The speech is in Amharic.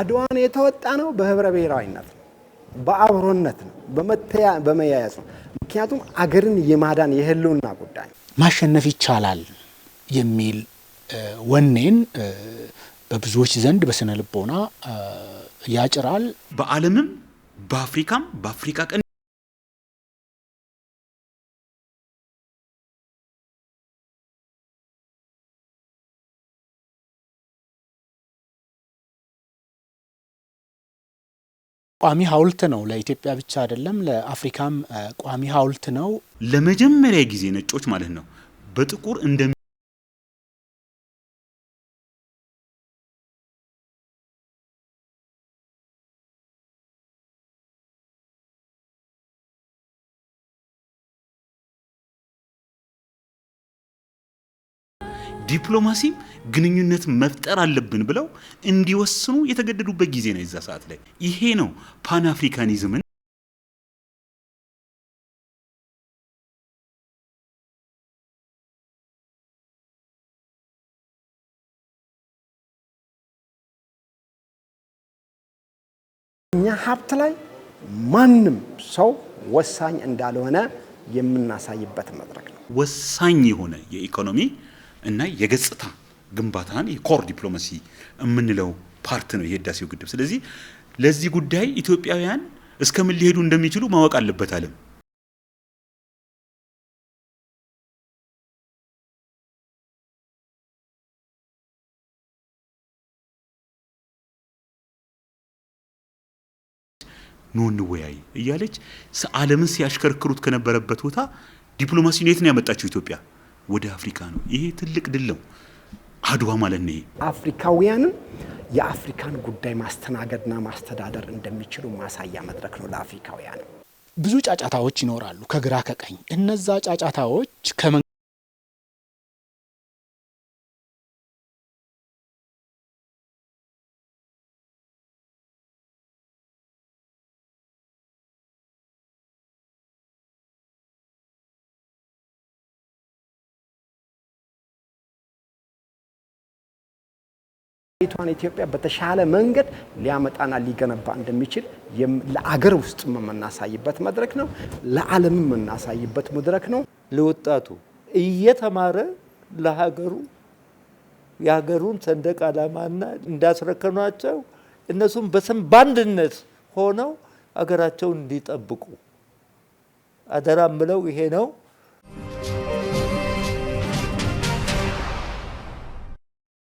አድዋን የተወጣ ነው በህብረ ብሔራዊነት ነው፣ በአብሮነት ነው፣ በመያያዝ ነው። ምክንያቱም አገርን የማዳን የህልውና ጉዳይ ማሸነፍ ይቻላል የሚል ወኔን በብዙዎች ዘንድ በስነ ልቦና ያጭራል። በዓለምም በአፍሪካም በአፍሪካ ቀን ቋሚ ሐውልት ነው። ለኢትዮጵያ ብቻ አይደለም፣ ለአፍሪካም ቋሚ ሐውልት ነው። ለመጀመሪያ ጊዜ ነጮች ማለት ነው በጥቁር እንደሚ ዲፕሎማሲም ግንኙነት መፍጠር አለብን ብለው እንዲወስኑ የተገደዱበት ጊዜ ነው። የዛ ሰዓት ላይ ይሄ ነው ፓን አፍሪካኒዝምን እኛ ሀብት ላይ ማንም ሰው ወሳኝ እንዳልሆነ የምናሳይበት መድረክ ነው። ወሳኝ የሆነ የኢኮኖሚ እና የገጽታ ግንባታን የኮር ዲፕሎማሲ የምንለው ፓርት ነው የህዳሴው ግድብ። ስለዚህ ለዚህ ጉዳይ ኢትዮጵያውያን እስከምን ሊሄዱ እንደሚችሉ ማወቅ አለበት አለም ኑ እንወያይ እያለች ዓለምን ሲያሽከርክሩት ከነበረበት ቦታ ዲፕሎማሲ የት ነው ያመጣችው ኢትዮጵያ? ወደ አፍሪካ ነው። ይሄ ትልቅ ድል ነው፣ አድዋ ማለት ነው። አፍሪካውያንም የአፍሪካን ጉዳይ ማስተናገድና ማስተዳደር እንደሚችሉ ማሳያ መድረክ ነው ለአፍሪካውያንም። ብዙ ጫጫታዎች ይኖራሉ ከግራ ከቀኝ። እነዛ ጫጫታዎች ቷን ኢትዮጵያ በተሻለ መንገድ ሊያመጣና ሊገነባ እንደሚችል ለአገር ውስጥ የምናሳይበት መድረክ ነው። ለዓለም የምናሳይበት መድረክ ነው። ለወጣቱ እየተማረ ለሀገሩ የሀገሩን ሰንደቅ ዓላማና እንዳስረከኗቸው እነሱም በስም በአንድነት ሆነው አገራቸውን እንዲጠብቁ አደራ ምለው ይሄ ነው።